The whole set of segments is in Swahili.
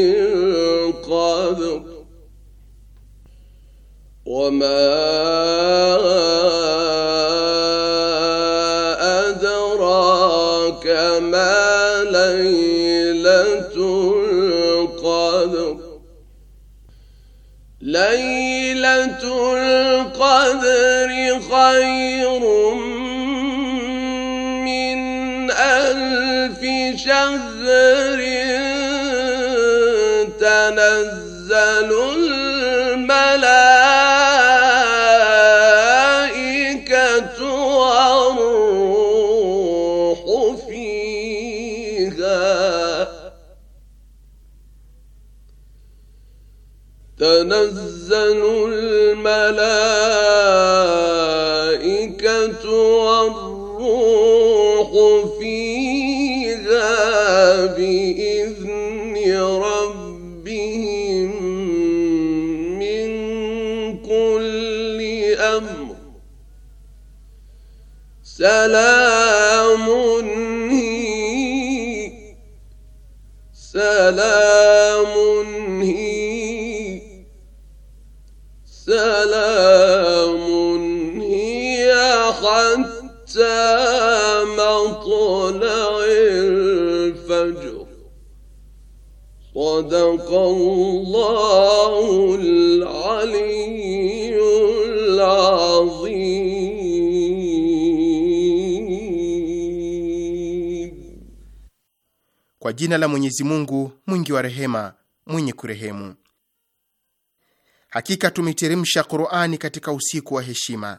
من قبل وما أدراك ما ليلة القدر ليلة القدر خير من ألف شهر الملائكة والروح فيها بإذن ربهم من كل أمر سلام Kwa jina la Mwenyezi Mungu mwingi wa rehema mwenye kurehemu. Hakika tumeteremsha Qur'ani katika usiku wa heshima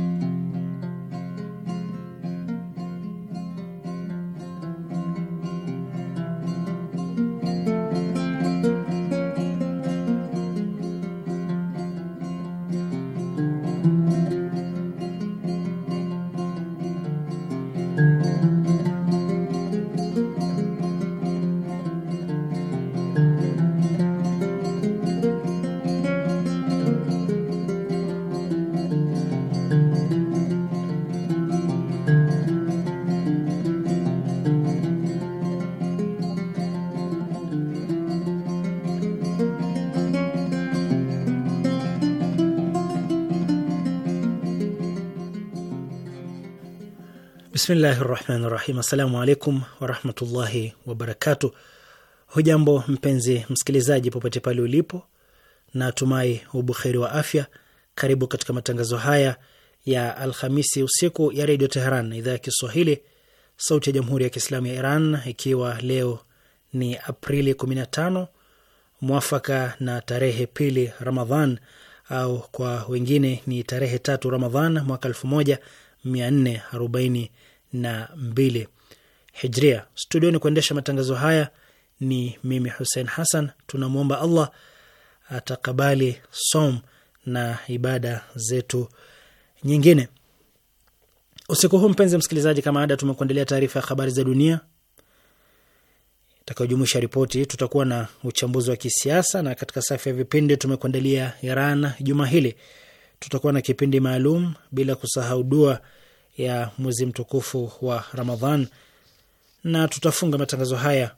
Bismillahi rahmani rahim. Assalamu alaikum warahmatullahi wabarakatu. Hujambo mpenzi msikilizaji, popote pale ulipo, na tumai ubukheri wa afya. Karibu katika matangazo haya ya Alhamisi usiku ya redio Teheran, idhaa ya Kiswahili, sauti ya jamhuri ya kiislamu ya Iran, ikiwa leo ni Aprili 15 mwafaka na tarehe pili Ramadhan au kwa wengine ni tarehe tatu Ramadhan mwaka 1442 na mbili hijria. Studioni kuendesha matangazo haya ni mimi Hussein Hassan. Tunamwomba Allah atakabali som na ibada zetu nyingine. Usiku huu mpenzi msikilizaji, kama ada, tumekuandalia taarifa ya habari za dunia itakayojumuisha ripoti. Tutakuwa na uchambuzi wa kisiasa, na katika safu ya vipindi tumekuandalia Iran juma hili, tutakuwa na kipindi maalum, bila kusahau dua ya mwezi mtukufu wa Ramadhan, na tutafunga matangazo haya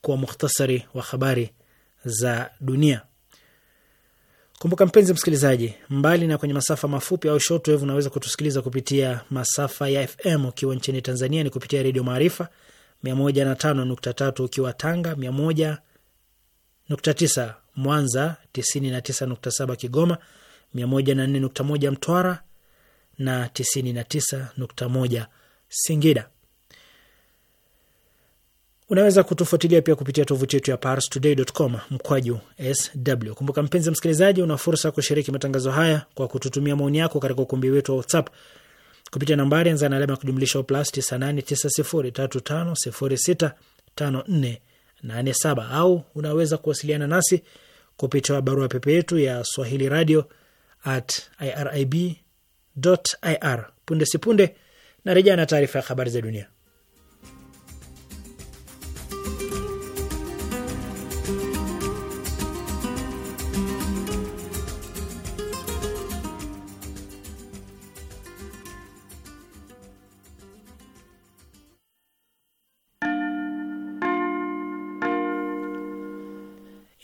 kwa mukhtasari wa habari za dunia. Kumbuka mpenzi msikilizaji, mbali na kwenye masafa mafupi au shortwave, unaweza kutusikiliza kupitia masafa ya FM. Ukiwa nchini Tanzania ni kupitia Redio Maarifa 105.3, ukiwa Tanga 100.9, Mwanza 99.7, Kigoma 104.1, Mtwara na 99.1 Singida. Unaweza kutufuatilia pia kupitia tovuti yetu ya parstoday.com mkwaju sw. Kumbuka mpenzi msikilizaji, una fursa kushiriki matangazo haya kwa kututumia maoni yako katika ukumbi wetu wa WhatsApp kupitia nambari anza na alama ya kujumlisha plus 989035065487 au unaweza kuwasiliana nasi kupitia barua pepe yetu ya swahili radio at irib ir. Punde sipunde na rejea na taarifa ya habari za dunia.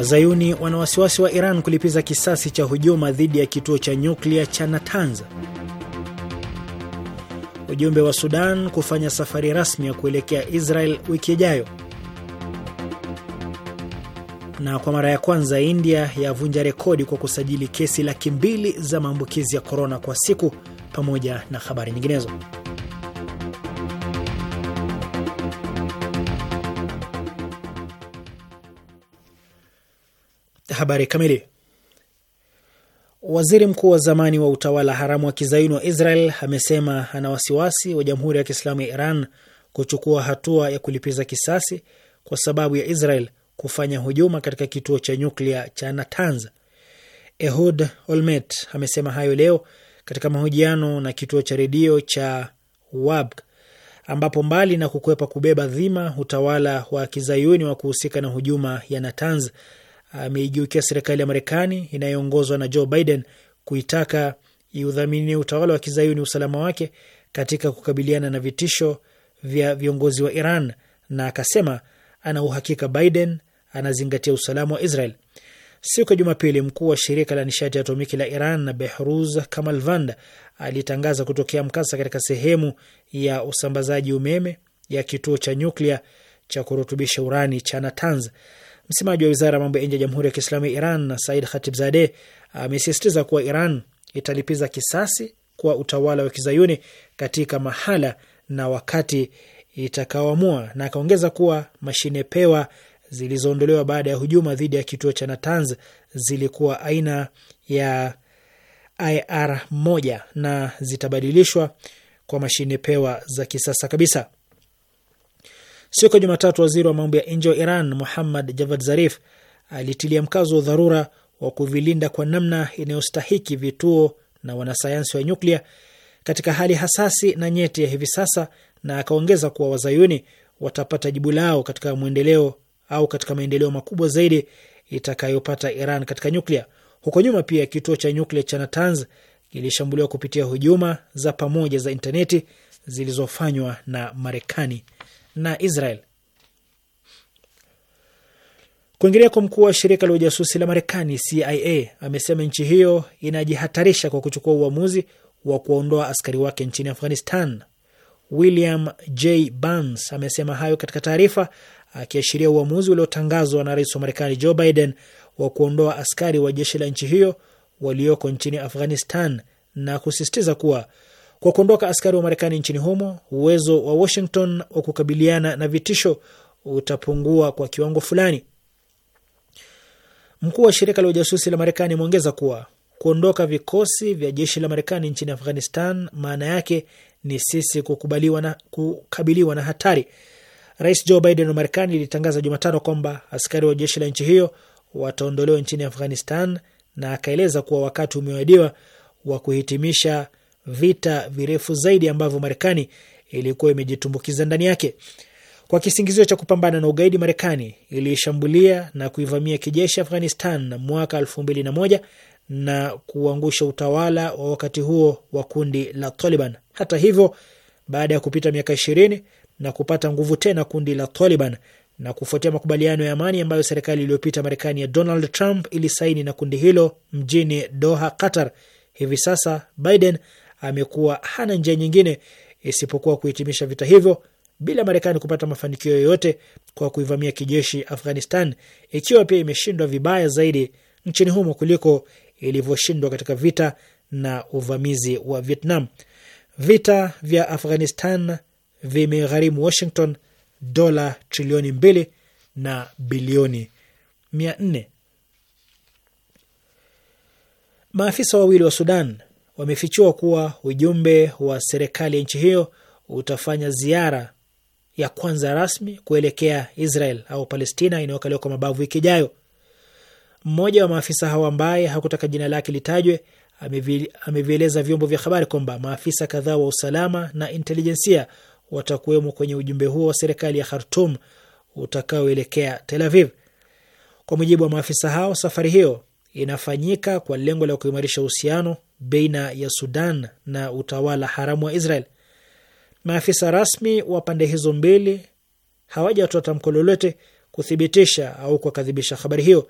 Wazayuni wana wasiwasi wa Iran kulipiza kisasi cha hujuma dhidi ya kituo cha nyuklia cha Natanz. Ujumbe wa Sudan kufanya safari rasmi ya kuelekea Israel wiki ijayo. Na kwa mara ya kwanza India yavunja rekodi kwa kusajili kesi laki mbili za maambukizi ya korona kwa siku, pamoja na habari nyinginezo. Habari kamili. Waziri mkuu wa zamani wa utawala haramu wa kizaini wa Israel amesema ana wasiwasi wa Jamhuri ya Kiislamu ya Iran kuchukua hatua ya kulipiza kisasi kwa sababu ya Israel kufanya hujuma katika kituo cha nyuklia cha Natanz. Ehud Olmert amesema hayo leo katika mahojiano na kituo cha redio cha WABG ambapo mbali na kukwepa kubeba dhima utawala wa kizayuni wa kuhusika na hujuma ya Natanz ameigeukia serikali ya Marekani inayoongozwa na Joe Biden kuitaka iudhamini utawala wa kizayuni usalama wake katika kukabiliana na vitisho vya viongozi wa Iran, na akasema ana uhakika Biden anazingatia usalama wa Israel. Siku ya Jumapili, mkuu wa shirika la nishati ya atomiki la Iran na Behruz Kamalvand alitangaza kutokea mkasa katika sehemu ya usambazaji umeme ya kituo cha nyuklia cha kurutubisha urani cha Natanz. Msemaji wa wizara ya mambo ya nje ya Jamhuri ya Kiislamu ya Iran, Said zade amesisitiza kuwa Iran italipiza kisasi kwa utawala wa kizayuni katika mahala na wakati itakaoamua, na akaongeza kuwa mashine pewa zilizoondolewa baada ya hujuma dhidi ya kituo cha Natanz zilikuwa aina ya IR moja na zitabadilishwa kwa mashine pewa za kisasa kabisa. Siku ya Jumatatu, waziri wa mambo ya nje wa Iran Muhammad Javad Zarif alitilia mkazo wa dharura wa kuvilinda kwa namna inayostahiki vituo na wanasayansi wa nyuklia katika hali hasasi na nyeti ya hivi sasa, na akaongeza kuwa wazayuni watapata jibu lao katika mwendeleo au katika maendeleo makubwa zaidi itakayopata Iran katika nyuklia. Huko nyuma pia kituo cha nyuklia cha Natanz kilishambuliwa kupitia hujuma za pamoja za intaneti zilizofanywa na Marekani na Israel. kwa mkuu wa shirika la ujasusi la Marekani CIA amesema nchi hiyo inajihatarisha kwa kuchukua uamuzi wa kuondoa askari wake nchini Afghanistan. William J Burns amesema hayo katika taarifa akiashiria uamuzi uliotangazwa na rais wa Marekani Joe Biden wa kuondoa askari wa jeshi la nchi hiyo walioko nchini Afghanistan na kusisitiza kuwa kwa kuondoka askari wa Marekani nchini humo, uwezo wa Washington wa kukabiliana na vitisho utapungua kwa kiwango fulani. Mkuu wa shirika la ujasusi la Marekani ameongeza kuwa kuondoka vikosi vya jeshi la Marekani nchini Afghanistan maana yake ni sisi kukubaliwa na, kukabiliwa na hatari. Rais Joe Biden wa Marekani ilitangaza Jumatano kwamba askari wa jeshi la nchi hiyo wataondolewa nchini Afghanistan na akaeleza kuwa wakati umewadia wa kuhitimisha vita virefu zaidi ambavyo Marekani ilikuwa imejitumbukiza ndani yake. Kwa kisingizio cha kupambana na ugaidi, Marekani iliishambulia na kuivamia kijeshi Afghanistan mwaka elfu mbili na moja na kuangusha utawala wa wakati huo wa kundi la Taliban. Hata hivyo, baada ya kupita miaka ishirini na kupata nguvu tena kundi la Taliban na kufuatia makubaliano ya amani ambayo serikali iliyopita Marekani ya Donald Trump ilisaini na kundi hilo mjini Doha, Qatar, hivi sasa Biden amekuwa hana njia nyingine isipokuwa kuhitimisha vita hivyo bila Marekani kupata mafanikio yoyote kwa kuivamia kijeshi Afghanistan, ikiwa pia imeshindwa vibaya zaidi nchini humo kuliko ilivyoshindwa katika vita na uvamizi wa Vietnam. Vita vya Afghanistan vimegharimu Washington dola trilioni mbili na bilioni mia nne. Maafisa wawili wa Sudan wamefichua kuwa ujumbe wa serikali ya nchi hiyo utafanya ziara ya kwanza rasmi kuelekea Israel au Palestina inayokaliwa kwa mabavu wiki ijayo. Mmoja wa maafisa hao ambaye hakutaka jina lake litajwe amevieleza vyombo vya habari kwamba maafisa kadhaa wa usalama na intelijensia watakuwemo kwenye ujumbe huo wa serikali ya Khartum utakaoelekea Tel Aviv. Kwa mujibu wa maafisa hao, safari hiyo inafanyika kwa lengo la kuimarisha uhusiano baina ya Sudan na utawala haramu wa Israel. Maafisa rasmi wa pande hizo mbili hawajatoa tamko lolote kuthibitisha au kuwakadhibisha habari hiyo.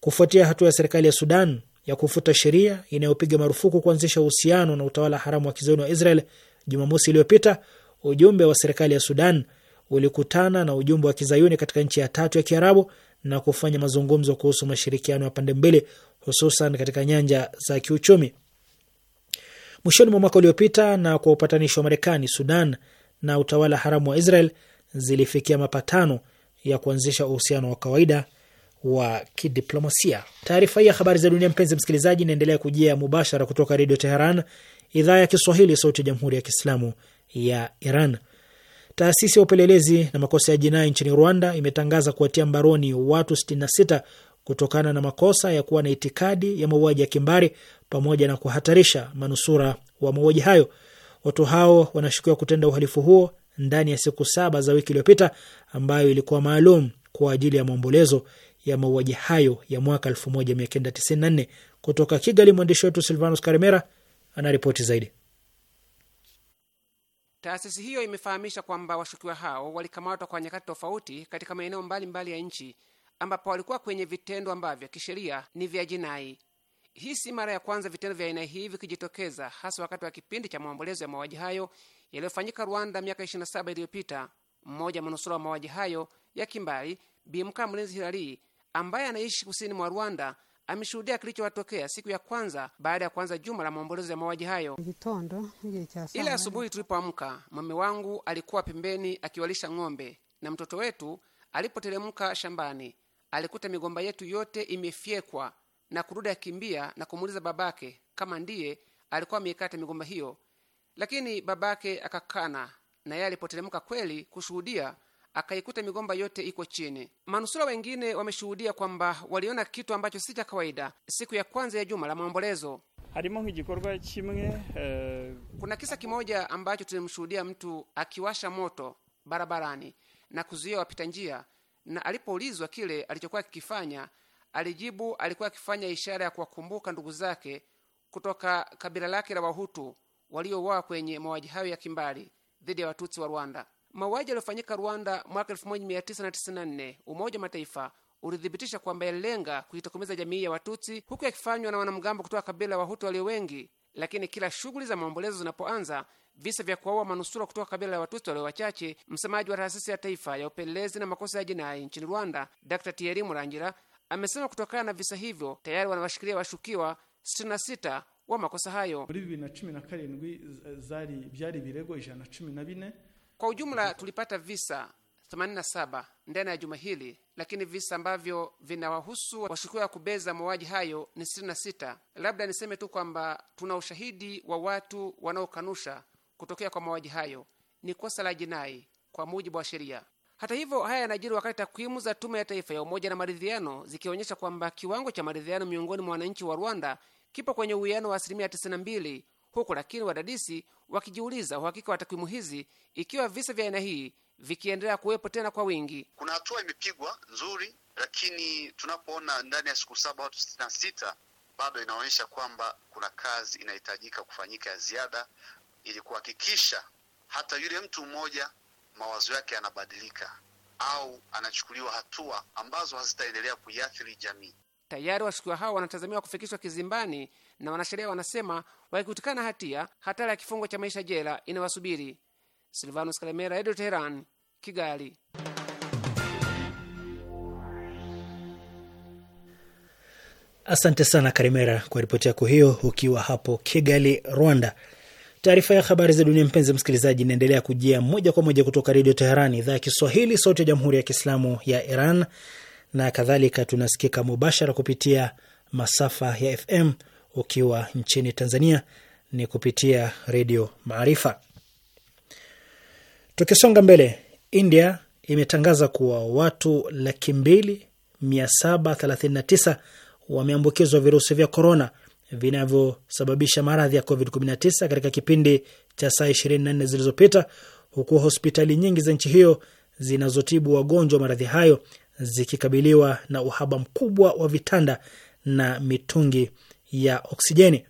Kufuatia hatua ya serikali ya Sudan ya kufuta sheria inayopiga marufuku kuanzisha uhusiano na utawala haramu wa kizayuni wa Israel, Jumamosi iliyopita ujumbe wa serikali ya Sudan ulikutana na ujumbe wa kizayuni katika nchi ya tatu ya Kiarabu na kufanya mazungumzo kuhusu mashirikiano ya pande mbili, hususan katika nyanja za kiuchumi. Mwishoni mwa mwaka uliopita, na kwa upatanishi wa Marekani, Sudan na utawala haramu wa Israel zilifikia mapatano ya kuanzisha uhusiano wa kawaida wa kidiplomasia. Taarifa hii ya habari za dunia, mpenzi msikilizaji, inaendelea kujia mubashara kutoka Redio Teheran, idhaa ya Kiswahili, sauti ya Jamhuri ya Kiislamu ya Iran. Taasisi ya upelelezi na makosa ya jinai nchini Rwanda imetangaza kuwatia mbaroni watu 66 kutokana na makosa ya kuwa na itikadi ya mauaji ya kimbari pamoja na kuhatarisha manusura wa mauaji hayo. Watu hao wanashukiwa kutenda uhalifu huo ndani ya siku saba za wiki iliyopita ambayo ilikuwa maalum kwa ajili ya maombolezo ya mauaji hayo ya mwaka 1994. Kutoka Kigali, mwandishi wetu Silvanus Karimera anaripoti zaidi. Taasisi hiyo imefahamisha kwamba washukiwa hao walikamatwa kwa nyakati tofauti katika maeneo mbalimbali ya nchi ambapo walikuwa kwenye vitendo ambavyo kisheria ni vya jinai. Hii si mara ya kwanza vitendo vya aina hii vikijitokeza, hasa wakati wa kipindi cha maombolezo ya mauaji hayo yaliyofanyika Rwanda miaka 27 iliyopita. Mmoja manusura wa mauaji hayo ya kimbali bimka mlinzi hilarii ambaye anaishi kusini mwa Rwanda, ameshuhudia kilichowatokea siku ya kwanza baada ya kuanza juma la maombolezo ya mauaji hayo. Ile asubuhi tulipoamka, mume wangu alikuwa pembeni akiwalisha ng'ombe, na mtoto wetu alipoteremka shambani alikuta migomba yetu yote imefyekwa na kurudi akimbia na kumuuliza babake kama ndiye alikuwa ameikata migomba hiyo, lakini babake akakana, na yeye alipoteremka kweli kushuhudia akaikuta migomba yote iko chini. Manusura wengine wameshuhudia kwamba waliona kitu ambacho si cha kawaida siku ya kwanza ya juma la maombolezo. Eh, Kuna kisa kimoja ambacho tulimshuhudia mtu akiwasha moto barabarani na kuzuia wapita njia, na alipoulizwa kile alichokuwa akikifanya, alijibu alikuwa akifanya ishara ya kuwakumbuka ndugu zake kutoka kabila lake la Wahutu waliouawa kwenye mauaji hayo ya kimbali dhidi ya Watutsi wa Rwanda mauaji yaliyofanyika Rwanda mwaka 1994 Umoja wa Mataifa ulithibitisha kwamba yalilenga kuitokomeza jamii ya Watutsi, huku yakifanywa na wanamgambo kutoka kabila Wahutu walio wengi. Lakini kila shughuli za maombolezo zinapoanza, visa vya kuwaua manusura kutoka kabila la Watutsi walio wachache, msemaji wa taasisi ya taifa ya upelelezi na makosa ya jinai nchini Rwanda, Dr Thierry Murangira, amesema kutokana na visa hivyo tayari wanawashikilia washukiwa 66 wa makosa hayo. muri bibiri na cumi na karindwi byari birego ijana na cumi na bine kwa ujumla tulipata visa 87 ndani ya juma hili, lakini visa ambavyo vinawahusu washukiwa wa kubeza mauaji hayo ni 66. Labda niseme tu kwamba tuna ushahidi wa watu wanaokanusha kutokea kwa mauaji hayo. Ni kosa la jinai kwa mujibu wa sheria. Hata hivyo, haya yanajiri wakati takwimu za Tume ya Taifa ya Umoja na Maridhiano zikionyesha kwamba kiwango cha maridhiano miongoni mwa wananchi wa Rwanda kipo kwenye uwiano wa asilimia 92 huku lakini wadadisi wakijiuliza uhakika wa takwimu hizi ikiwa visa vya aina hii vikiendelea kuwepo tena kwa wingi. Kuna hatua imepigwa nzuri, lakini tunapoona ndani ya siku saba watu sitini na sita bado inaonyesha kwamba kuna kazi inahitajika kufanyika ya ziada ili kuhakikisha hata yule mtu mmoja mawazo yake yanabadilika au anachukuliwa hatua ambazo hazitaendelea kuiathiri jamii. Tayari washukiwa hao wanatazamiwa kufikishwa kizimbani na wanasheria wanasema wakikutikana hatia, hatara ya kifungo cha maisha jela inawasubiri. Silvanus Kalemera, Edo Teheran, Kigali. Asante sana Karimera kwa ripoti yako hiyo, ukiwa hapo Kigali, Rwanda. Taarifa ya habari za dunia, mpenzi msikilizaji, inaendelea kujia moja kwa moja kutoka Redio Teheran, idhaa ya Kiswahili, sauti ya Jamhuri ya Kiislamu ya Iran na kadhalika. Tunasikika mubashara kupitia masafa ya FM ukiwa nchini Tanzania ni kupitia Redio Maarifa. Tukisonga mbele, India imetangaza kuwa watu laki mbili tisa wameambukizwa virusi vya korona vinavyosababisha maradhi ya COVID-19 katika kipindi cha saa 24 zilizopita, huku hospitali nyingi za nchi hiyo zinazotibu wagonjwa maradhi hayo zikikabiliwa na uhaba mkubwa wa vitanda na mitungi ya oksijeni.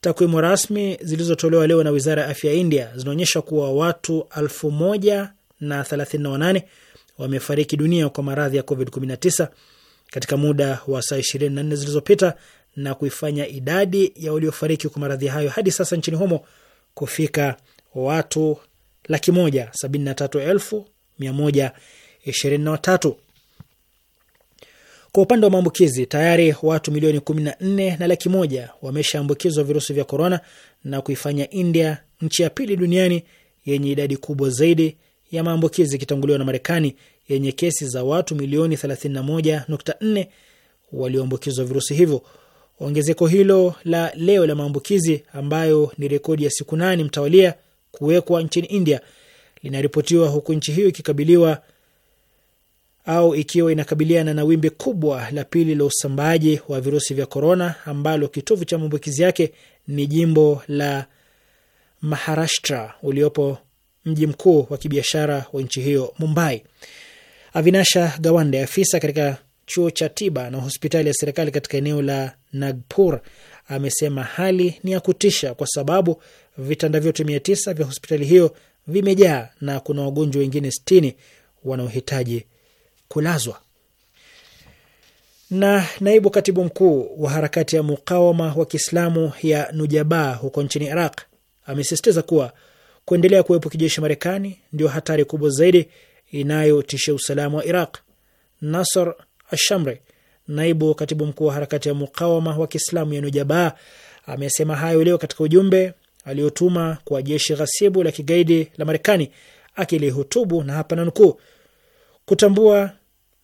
Takwimu rasmi zilizotolewa leo na wizara ya afya ya India zinaonyesha kuwa watu elfu moja na thelathini na wanane wamefariki dunia kwa maradhi ya COVID-19 katika muda wa saa 24 zilizopita na kuifanya idadi ya waliofariki kwa maradhi hayo hadi sasa nchini humo kufika watu laki moja sabini na tatu elfu mia moja ishirini na watatu. Kwa upande wa maambukizi, tayari watu milioni 14 na laki moja wameshaambukizwa virusi vya korona na kuifanya India nchi ya pili duniani yenye idadi kubwa zaidi ya maambukizi ikitanguliwa na Marekani yenye kesi za watu milioni 31.4 walioambukizwa virusi hivyo. Ongezeko hilo la leo la maambukizi ambayo ni rekodi ya siku nane mtawalia kuwekwa nchini India linaripotiwa huku nchi hiyo ikikabiliwa au ikiwa inakabiliana na wimbi kubwa la pili la usambaaji wa virusi vya korona ambalo kitovu cha maambukizi yake ni jimbo la Maharashtra uliopo mji mkuu wa kibiashara wa nchi hiyo Mumbai. Avinasha Gawande, afisa katika chuo cha tiba na hospitali ya serikali katika eneo la Nagpur, amesema hali ni ya kutisha kwa sababu vitanda vyote mia tisa vya hospitali hiyo vimejaa na kuna wagonjwa wengine sitini wanaohitaji kulazwa. Na naibu katibu mkuu wa harakati ya mukawama wa Kiislamu ya nujaba huko nchini Iraq amesisitiza kuwa kuendelea kuwepo kijeshi Marekani ndio hatari kubwa zaidi inayotishia usalama wa Iraq. Nasr Ashamre, naibu katibu mkuu wa harakati ya mukawama wa Kiislamu ya nujaba amesema hayo leo katika ujumbe aliotuma kwa jeshi ghasibu la kigaidi la Marekani akilihutubu, na hapa nanukuu: kutambua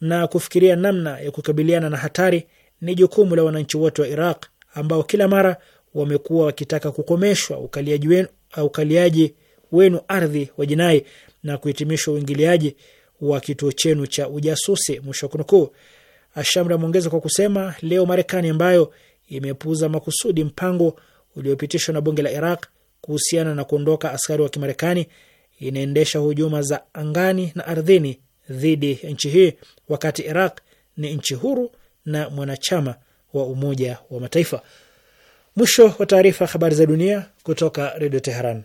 na kufikiria namna ya kukabiliana na hatari ni jukumu la wananchi wote wa Iraq ambao kila mara wamekuwa wakitaka kukomeshwa ukaliaji wenu, ukaliaji wenu ardhi wa jinai na kuhitimishwa uingiliaji wa kituo chenu cha ujasusi, mwisho wa kunukuu. Ashamra ameongeza kwa kusema leo Marekani ambayo imepuuza makusudi mpango uliopitishwa na bunge la Iraq kuhusiana na kuondoka askari wa Kimarekani inaendesha hujuma za angani na ardhini dhidi ya nchi hii wakati Iraq ni nchi huru na mwanachama wa Umoja wa Mataifa. Mwisho wa taarifa. Habari za dunia kutoka Redio Teheran.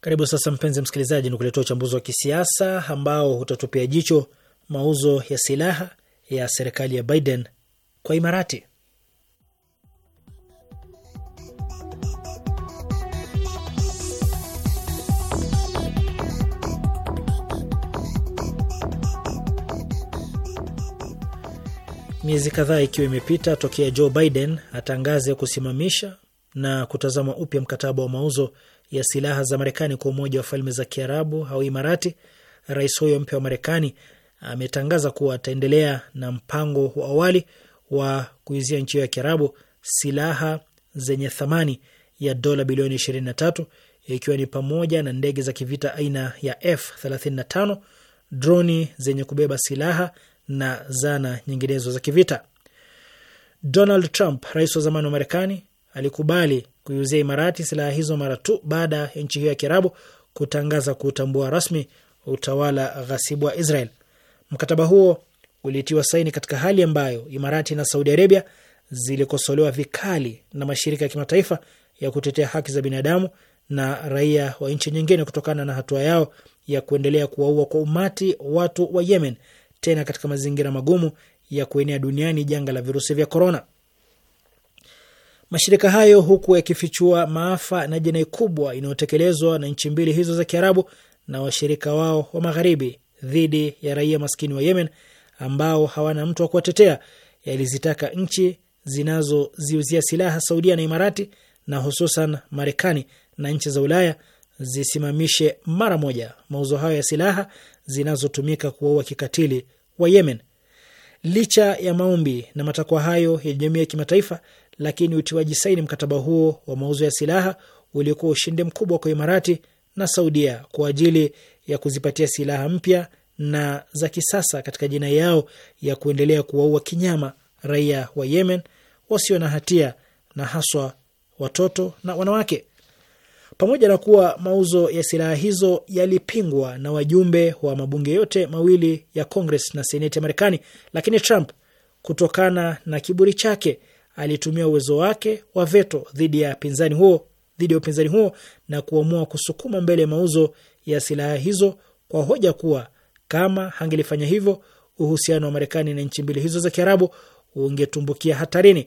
Karibu sasa, mpenzi msikilizaji, ni kuletea uchambuzi wa kisiasa ambao utatupia jicho mauzo ya silaha ya serikali ya Biden kwa Imarati. Miezi kadhaa ikiwa imepita tokea Joe Biden atangaze kusimamisha na kutazama upya mkataba wa mauzo ya silaha za Marekani kwa Umoja wa Falme za Kiarabu au Imarati, rais huyo mpya wa Marekani ametangaza kuwa ataendelea na mpango wa awali wa kuizia nchi hiyo ya Kiarabu silaha zenye thamani ya dola bilioni 23 ikiwa ni pamoja na ndege za kivita aina ya F35, droni zenye kubeba silaha na zana nyinginezo za kivita. Donald Trump, rais wa zamani wa Marekani, alikubali kuiuzia Imarati silaha hizo mara tu baada ya nchi hiyo ya Kiarabu kutangaza kuutambua rasmi utawala ghasibu wa Israel. Mkataba huo ulitiwa saini katika hali ambayo Imarati na Saudi Arabia zilikosolewa vikali na mashirika ya kimataifa ya kutetea haki za binadamu na raia wa nchi nyingine kutokana na hatua yao ya kuendelea kuwaua kwa umati watu wa Yemen, tena katika mazingira magumu ya kuenea duniani janga la virusi vya korona mashirika hayo huku yakifichua maafa na jinai kubwa inayotekelezwa na nchi mbili hizo za Kiarabu na washirika wao wa magharibi dhidi ya raia maskini wa Yemen ambao hawana mtu wa kuwatetea, yalizitaka nchi zinazoziuzia silaha Saudia na Imarati na hususan Marekani na nchi za Ulaya zisimamishe mara moja mauzo hayo ya silaha zinazotumika kuwaua kikatili wa Yemen. Licha ya maombi na matakwa hayo ya jamii ya kimataifa, lakini utiwaji saini mkataba huo wa mauzo ya silaha uliokuwa ushindi mkubwa kwa Imarati na Saudia kwa ajili ya kuzipatia silaha mpya na za kisasa katika jinai yao ya kuendelea kuwaua kinyama raia wa Yemen wasio na hatia na haswa watoto na wanawake. Pamoja na kuwa mauzo ya silaha hizo yalipingwa na wajumbe wa mabunge yote mawili ya Congress na Seneti ya Marekani, lakini Trump kutokana na kiburi chake alitumia uwezo wake wa veto dhidi ya pinzani huo dhidi ya upinzani huo na kuamua kusukuma mbele mauzo ya silaha hizo kwa hoja kuwa kama hangelifanya hivyo uhusiano wa Marekani na nchi mbili hizo za Kiarabu ungetumbukia hatarini.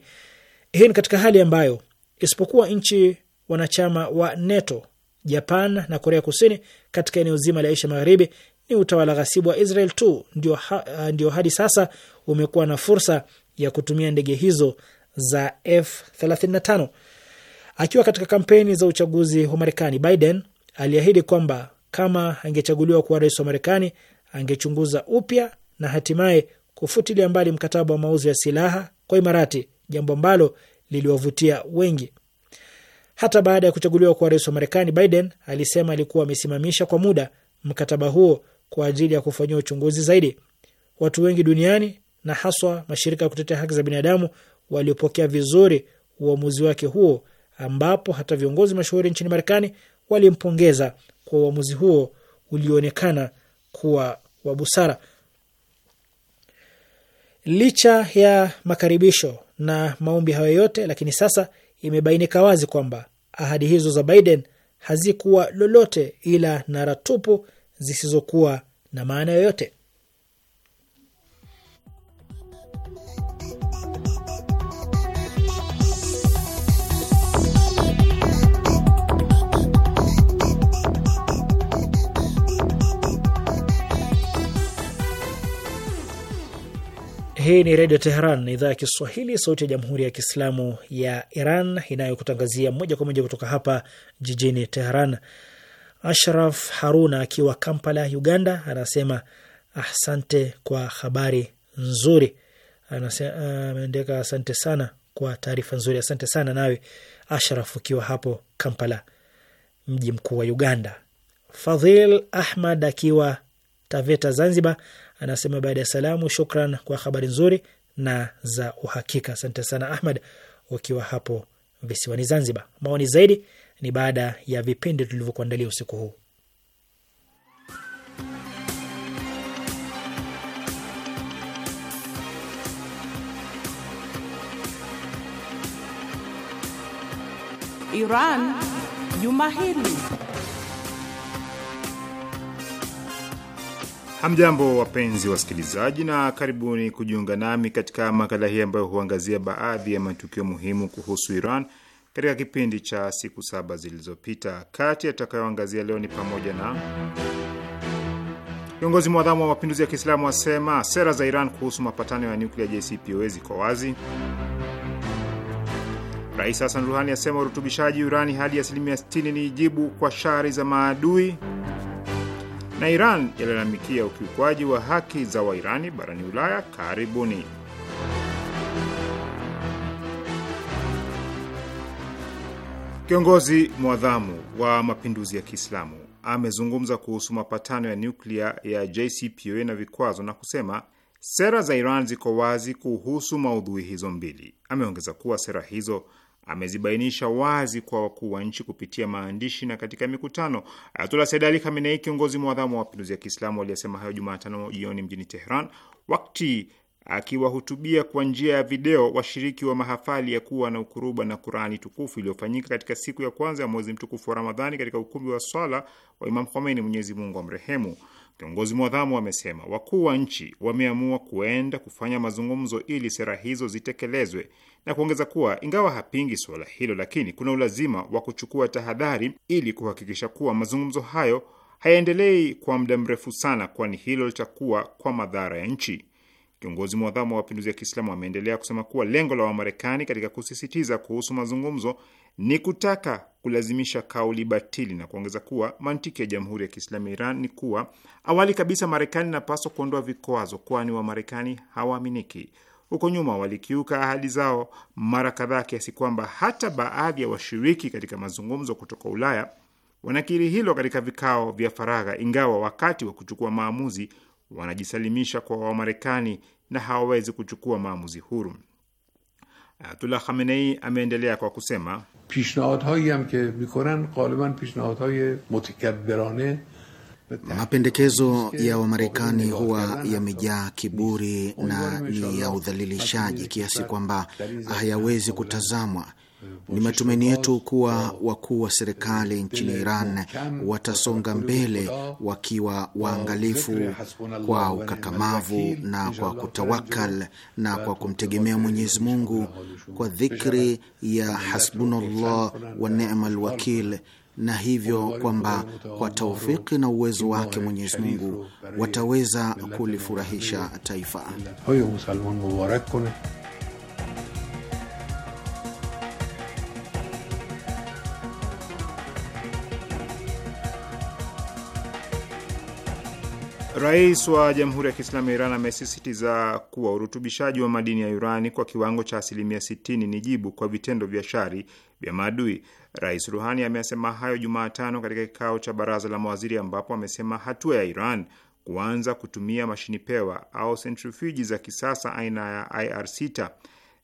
Hii ni katika hali ambayo isipokuwa nchi wanachama wa NATO, Japan na Korea Kusini, katika eneo zima la Asia Magharibi ni utawala ghasibu wa Israel tu ndio, ha, ndio hadi sasa umekuwa na fursa ya kutumia ndege hizo za F35. Akiwa katika kampeni za uchaguzi wa Marekani, Biden aliahidi kwamba kama angechaguliwa kuwa rais wa Marekani angechunguza upya na hatimaye kufutilia mbali mkataba wa mauzo ya silaha kwa Imarati, jambo ambalo liliwavutia wengi. Hata baada ya kuchaguliwa kuwa rais wa Marekani, Biden alisema alikuwa amesimamisha kwa muda mkataba huo kwa ajili ya kufanyia uchunguzi zaidi. Watu wengi duniani na haswa mashirika ya kutetea haki za binadamu waliopokea vizuri uamuzi wake huo, ambapo hata viongozi mashuhuri nchini Marekani walimpongeza kwa uamuzi huo ulioonekana kuwa wa busara. Licha ya makaribisho na maombi hayo yote, lakini sasa imebainika wazi kwamba ahadi hizo za Biden hazikuwa lolote ila nara tupu zisizokuwa na maana yoyote. Hii ni Redio Teheran, idhaa ya Kiswahili, sauti ya Jamhuri ya Kiislamu ya Iran inayokutangazia moja kwa moja kutoka hapa jijini Teheran. Ashraf Haruna akiwa Kampala, Uganda, anasema asante kwa habari nzuri. Uh, ameandika uh, asante sana kwa taarifa nzuri. Asante sana nawe Ashraf ukiwa hapo Kampala, mji mkuu wa Uganda. Fadhil Ahmad akiwa Taveta, Zanzibar, anasema baada ya salamu, shukran kwa habari nzuri na za uhakika. Asante sana Ahmad ukiwa hapo visiwani Zanzibar. Maoni zaidi ni baada ya vipindi tulivyokuandalia usiku huu. Iran juma hili Hamjambo, wapenzi wasikilizaji, na karibuni kujiunga nami katika makala hii ambayo huangazia baadhi ya matukio muhimu kuhusu Iran katika kipindi cha siku saba zilizopita. Kati yatakayoangazia leo ni pamoja na kiongozi mwadhamu wa mapinduzi ya Kiislamu asema sera za Iran kuhusu mapatano ya nyuklia JCPOA ziko wazi. Rais Hasan Ruhani asema urutubishaji urani hadi asilimia 60 ni jibu kwa shari za maadui na Iran yalalamikia ukiukwaji wa haki za Wairani barani Ulaya. Karibuni. Kiongozi mwadhamu wa mapinduzi ya Kiislamu amezungumza kuhusu mapatano ya nyuklia ya JCPOA na vikwazo na kusema Sera za Iran ziko wazi kuhusu maudhui hizo mbili. Ameongeza kuwa sera hizo amezibainisha wazi kwa wakuu wa nchi kupitia maandishi na katika mikutano. Ayatullah Said Ali Khamenei, kiongozi mwadhamu wa mapinduzi ya Kiislamu, aliyesema hayo Jumatano jioni mjini Tehran wakati akiwahutubia kwa njia ya video washiriki wa mahafali ya kuwa na ukuruba na Kurani tukufu iliyofanyika katika siku ya kwanza ya mwezi mtukufu wa Ramadhani katika ukumbi wa swala wa Imam Khomeini, Mwenyezi Mungu amrehemu. Viongozi mwadhamu wamesema wakuu wa nchi wameamua kuenda kufanya mazungumzo ili sera hizo zitekelezwe, na kuongeza kuwa ingawa hapingi suala hilo, lakini kuna ulazima wa kuchukua tahadhari ili kuhakikisha kuwa mazungumzo hayo hayaendelei kwa muda mrefu sana, kwani hilo litakuwa kwa madhara ya nchi. Kiongozi mwadhamu wa mapinduzi ya Kiislamu ameendelea kusema kuwa lengo la Wamarekani katika kusisitiza kuhusu mazungumzo ni kutaka kulazimisha kauli batili na kuongeza kuwa mantiki ya Jamhuri ya Kiislamu ya Iran ni kuwa awali kabisa Marekani inapaswa kuondoa vikwazo, kwani Wamarekani hawaaminiki. Huko nyuma walikiuka ahadi zao mara kadhaa, kiasi kwamba hata baadhi ya washiriki katika mazungumzo kutoka Ulaya wanakiri hilo katika vikao vya faragha, ingawa wakati wa kuchukua maamuzi wanajisalimisha kwa Wamarekani na hawawezi kuchukua maamuzi huru. Ayatullah Khamenei ameendelea kwa kusema, mapendekezo ya Wamarekani huwa yamejaa kiburi na ni ya udhalilishaji kiasi kwamba hayawezi kutazamwa ni matumaini yetu kuwa wakuu wa serikali nchini Iran watasonga mbele wakiwa waangalifu, kwa ukakamavu na kwa kutawakal na kwa kumtegemea Mwenyezi Mungu, kwa dhikri ya hasbunallah wa ni'mal wakil na hivyo kwamba kwa taufiki na uwezo wake Mwenyezi Mungu wataweza kulifurahisha taifa. Rais wa Jamhuri ya Kiislamu ya Iran amesisitiza kuwa urutubishaji wa madini ya urani kwa kiwango cha asilimia 60 ni jibu kwa vitendo vya shari vya maadui. Rais Ruhani amesema hayo Jumatano katika kikao cha baraza la mawaziri, ambapo amesema hatua ya Iran kuanza kutumia mashini pewa au sentrifuji za kisasa aina ya IR6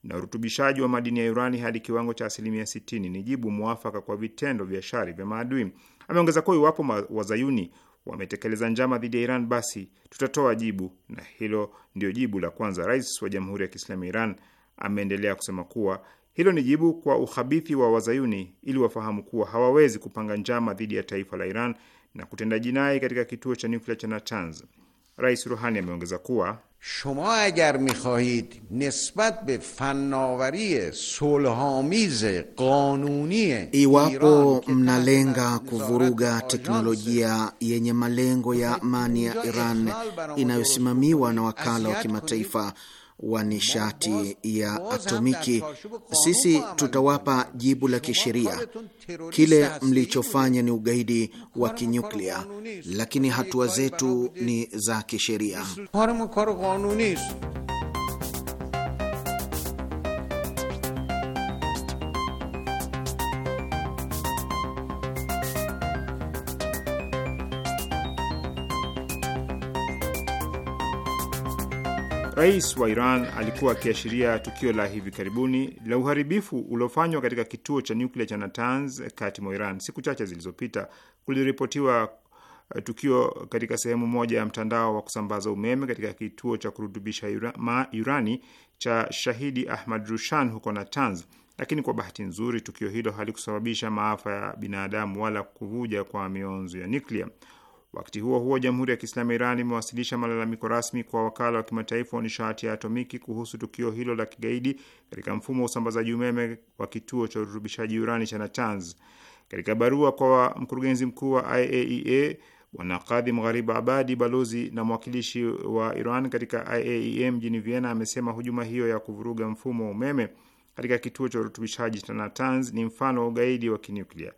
na urutubishaji wa madini ya urani hadi kiwango cha asilimia 60 ni jibu mwafaka kwa vitendo vya shari vya maadui. Ameongeza kuwa iwapo wazayuni wametekeleza njama dhidi ya Iran, basi tutatoa jibu, na hilo ndio jibu la kwanza. Rais wa Jamhuri ya Kiislamu ya Iran ameendelea kusema kuwa hilo ni jibu kwa uhabithi wa Wazayuni ili wafahamu kuwa hawawezi kupanga njama dhidi ya taifa la Iran na kutenda jinai katika kituo cha nyuklia cha Natanz. Rais Ruhani ameongeza kuwa shoma agar mikhahid nisbat be fannawari sulhamiz qanuni, e iwapo mnalenga kuvuruga teknolojia yenye malengo ya amani ya Iran inayosimamiwa na wakala wa kimataifa wa nishati ya atomiki, sisi tutawapa jibu la kisheria. Kile mlichofanya ni ugaidi wa kinyuklia, lakini hatua zetu ni za kisheria. Rais wa Iran alikuwa akiashiria tukio la hivi karibuni la uharibifu uliofanywa katika kituo cha nyuklia cha Natanz kati mwa Iran. Siku chache zilizopita kuliripotiwa eh, tukio katika sehemu moja ya mtandao wa kusambaza umeme katika kituo cha kurutubisha urani cha Shahidi Ahmad Rushan huko Natanz, lakini kwa bahati nzuri tukio hilo halikusababisha maafa ya binadamu wala kuvuja kwa mionzo ya nyuklia. Wakati huo huo, Jamhuri ya Kiislamu ya Iran imewasilisha malalamiko rasmi kwa wakala wa kimataifa wa nishati ya atomiki kuhusu tukio hilo la kigaidi katika mfumo wa usambazaji umeme wa kituo cha urutubishaji urani cha Natanz. Katika barua kwa mkurugenzi mkuu wa IAEA e Bwana Kadhi Mghariba Abadi, balozi na mwakilishi wa Iran katika IAEA e mjini Vienna, amesema hujuma hiyo ya kuvuruga mfumo wa umeme katika kituo cha urutubishaji cha Natanz ni mfano wa ugaidi wa kinuklia.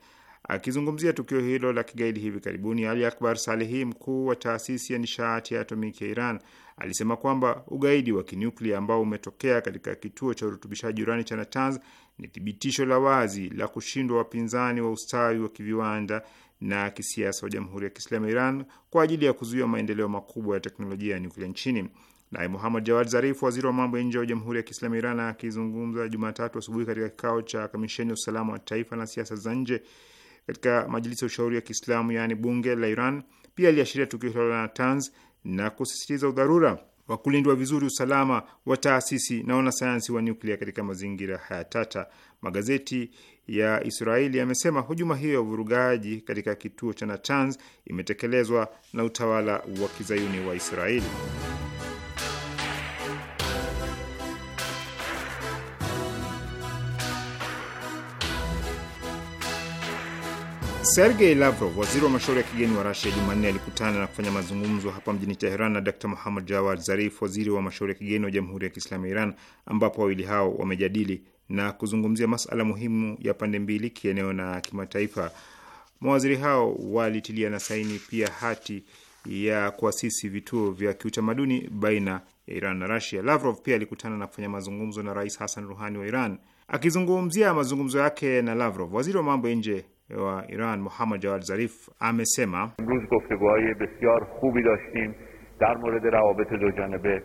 Akizungumzia tukio hilo la kigaidi hivi karibuni, Ali Akbar Salehi, mkuu wa taasisi ya nishati ya atomiki ya Iran, alisema kwamba ugaidi wa kinyuklia ambao umetokea katika kituo cha urutubishaji urani cha Natanz ni thibitisho la wazi la kushindwa wapinzani wa ustawi wa kiviwanda na kisiasa wa Jamhuri ya Kiislamu ya Iran kwa ajili ya kuzuia maendeleo makubwa ya teknolojia ya nyuklia nchini. Naye Muhammad Jawad Zarif, waziri wa mambo ya nje wa Jamhuri ya Kiislamu Iran, akizungumza Jumatatu asubuhi katika kikao cha Kamisheni ya Usalama wa Taifa na Siasa za Nje katika Majilisi ya Ushauri ya Kiislamu, yaani bunge la Iran. Pia aliashiria tukio hilo la Natanz na kusisitiza udharura wa kulindwa vizuri usalama wa taasisi na wanasayansi wa nyuklia katika mazingira haya tata. Magazeti ya Israeli yamesema hujuma hiyo ya uvurugaji katika kituo cha Natanz imetekelezwa na utawala wa kizayuni wa Israeli. Sergei Lavrov, waziri wa mashauri ya kigeni wa Rasia, Jumanne alikutana na kufanya mazungumzo hapa mjini Teheran na Dr Muhammad Jawad Zarif, waziri wa mashauri ya kigeni wa Jamhuri ya Kiislamu ya Iran, ambapo wawili hao wamejadili na kuzungumzia masala muhimu ya pande mbili, kieneo na kimataifa. Mawaziri hao walitilia na saini pia hati ya kuasisi vituo vya kiutamaduni baina ya Iran na Rasia. Lavrov pia alikutana na kufanya mazungumzo na Rais Hassan Ruhani wa Iran. Akizungumzia mazungumzo yake na Lavrov, waziri wa mambo ya nje wa Iran Muhammad Jawad Zarif amesema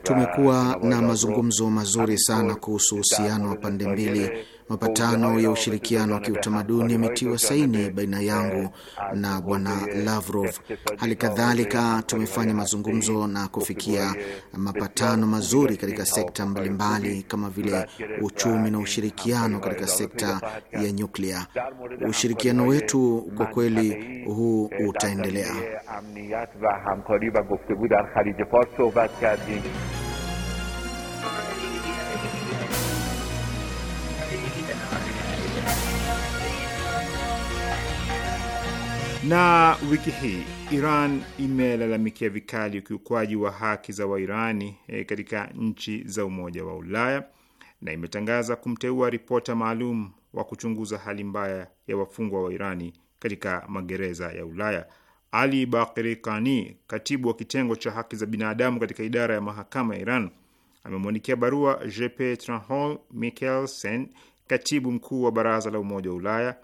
tumekuwa uh, na mazungumzo mazuri sana kuhusu uhusiano wa pande mbili Mapatano ya ushirikiano wa kiutamaduni yametiwa saini baina yangu na Bwana Lavrov. Hali kadhalika tumefanya mazungumzo na kufikia mapatano mazuri katika sekta mbalimbali kama vile uchumi na ushirikiano katika sekta ya nyuklia. Ushirikiano wetu kwa kweli huu utaendelea. Na wiki hii Iran imelalamikia vikali ukiukwaji wa haki za Wairani e, katika nchi za Umoja wa Ulaya na imetangaza kumteua ripota maalum wa kuchunguza hali mbaya ya wafungwa wa Irani katika magereza ya Ulaya. Ali Bakiri Kani, katibu wa kitengo cha haki za binadamu katika idara ya mahakama ya Iran, amemwandikia barua JP Tranhol Mikkelsen, katibu mkuu wa baraza la Umoja wa Ulaya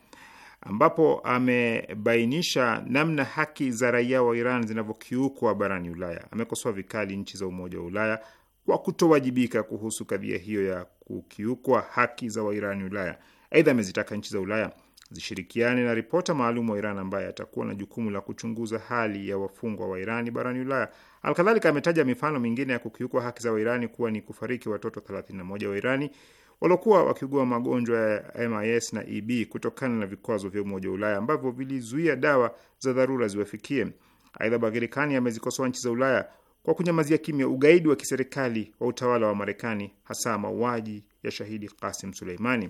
ambapo amebainisha namna haki za raia wa Iran zinavyokiukwa barani Ulaya. Amekosoa vikali nchi za Umoja wa Ulaya kwa kutowajibika kuhusu kadhia hiyo ya kukiukwa haki za Wairani Ulaya. Aidha, amezitaka nchi za Ulaya zishirikiane na ripota maalum wa Iran ambaye atakuwa na jukumu la kuchunguza hali ya wafungwa wa Irani barani Ulaya. Alkadhalika ametaja mifano mingine ya kukiukwa haki za Wairani kuwa ni kufariki watoto 31 wa Irani waliokuwa wakiugua magonjwa ya MIS na EB kutokana na vikwazo vya Umoja wa Ulaya ambavyo vilizuia dawa za dharura ziwafikie. Aidha, Bagirikani amezikosoa nchi za Ulaya kwa kunyamazia kimya ugaidi wa kiserikali wa utawala wa Marekani, hasa mauaji ya shahidi Kasim Suleimani.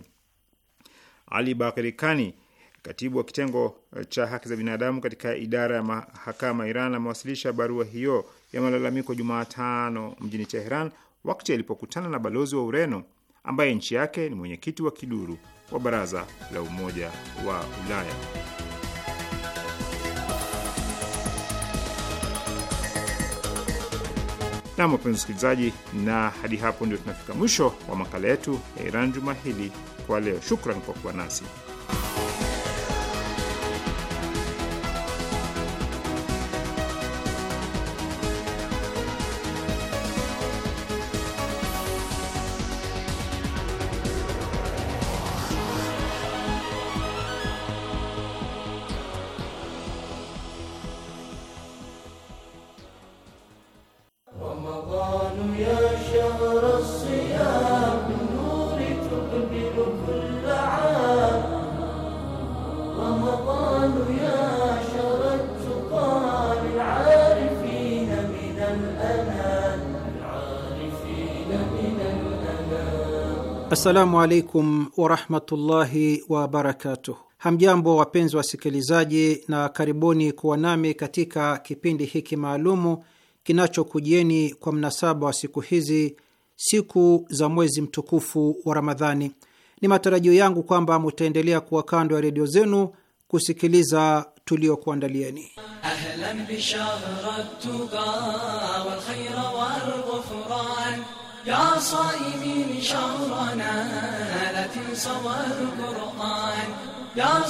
Ali Bagirikani, katibu wa kitengo cha haki za binadamu katika idara ya mahakama Iran, amewasilisha barua hiyo ya malalamiko Jumatano mjini Teheran wakati alipokutana na balozi wa Ureno ambaye nchi yake ni mwenyekiti wa kiduru wa baraza la Umoja wa Ulaya. Nam, wapenzi usikilizaji na hadi hapo ndio tunafika mwisho wa makala yetu ya Iran juma hili kwa leo. Shukran kwa kuwa nasi. Assalamu alaikum warahmatullahi wabarakatuh. Hamjambo wapenzi wasikilizaji, na karibuni kuwa nami katika kipindi hiki maalumu kinachokujieni kwa mnasaba wa siku hizi, siku za mwezi mtukufu wa Ramadhani. Ni matarajio yangu kwamba mutaendelea kuwa kando ya redio zenu kusikiliza tuliokuandalieni. يا يا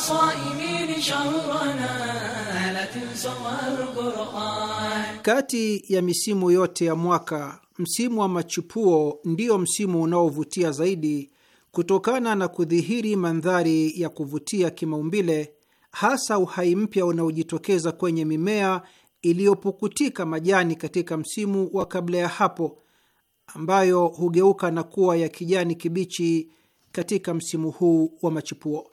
Kati ya misimu yote ya mwaka, msimu wa machipuo ndiyo msimu unaovutia zaidi kutokana na kudhihiri mandhari ya kuvutia kimaumbile, hasa uhai mpya unaojitokeza kwenye mimea iliyopukutika majani katika msimu wa kabla ya hapo ambayo hugeuka na kuwa ya kijani kibichi katika msimu huu wa machipuo.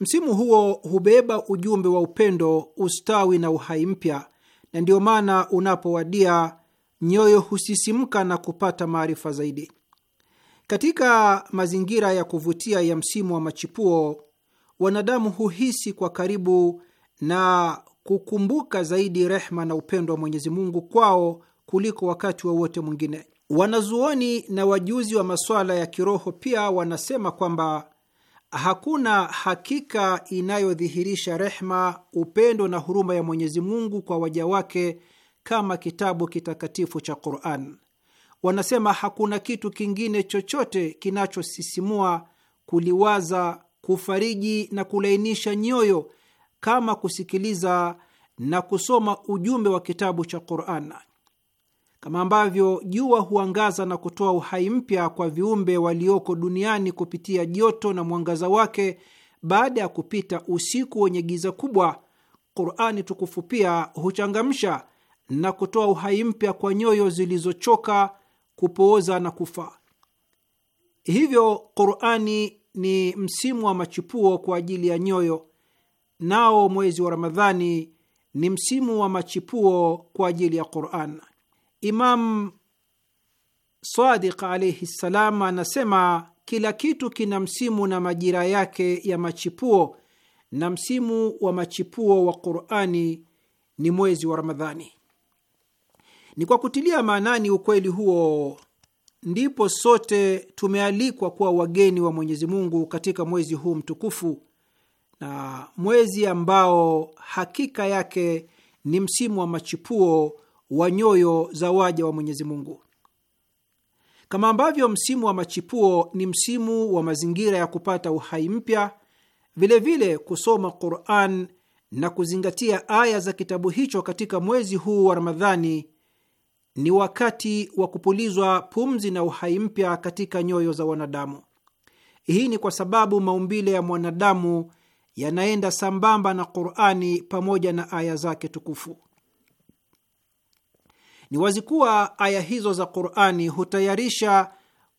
Msimu huo hubeba ujumbe wa upendo, ustawi na uhai mpya, na ndiyo maana unapowadia nyoyo husisimka na kupata maarifa zaidi. Katika mazingira ya kuvutia ya msimu wa machipuo, wanadamu huhisi kwa karibu na kukumbuka zaidi rehma na upendo wa Mwenyezi Mungu kwao kuliko wakati wowote wa mwingine. Wanazuoni na wajuzi wa masuala ya kiroho pia wanasema kwamba hakuna hakika inayodhihirisha rehma, upendo na huruma ya Mwenyezi Mungu kwa waja wake kama kitabu kitakatifu cha Quran. Wanasema hakuna kitu kingine chochote kinachosisimua, kuliwaza, kufariji na kulainisha nyoyo kama kusikiliza na kusoma ujumbe wa kitabu cha Quran kama ambavyo jua huangaza na kutoa uhai mpya kwa viumbe walioko duniani kupitia joto na mwangaza wake baada ya kupita usiku wenye giza kubwa, Qurani tukufu pia huchangamsha na kutoa uhai mpya kwa nyoyo zilizochoka, kupooza na kufa. Hivyo Qurani ni msimu wa machipuo kwa ajili ya nyoyo, nao mwezi wa Ramadhani ni msimu wa machipuo kwa ajili ya Qurani. Imam Sadiq alaihi ssalam anasema kila kitu kina msimu na majira yake ya machipuo, na msimu wa machipuo wa Qurani ni mwezi wa Ramadhani. Ni kwa kutilia maanani ukweli huo ndipo sote tumealikwa kuwa wageni wa Mwenyezi Mungu katika mwezi huu mtukufu, na mwezi ambao hakika yake ni msimu wa machipuo wa nyoyo za waja wa Mwenyezi Mungu. Kama ambavyo msimu wa machipuo ni msimu wa mazingira ya kupata uhai mpya, vilevile kusoma Quran na kuzingatia aya za kitabu hicho katika mwezi huu wa Ramadhani ni wakati wa kupulizwa pumzi na uhai mpya katika nyoyo za wanadamu. Hii ni kwa sababu maumbile ya mwanadamu yanaenda sambamba na Qurani pamoja na aya zake tukufu. Ni wazi kuwa aya hizo za Qur'ani hutayarisha,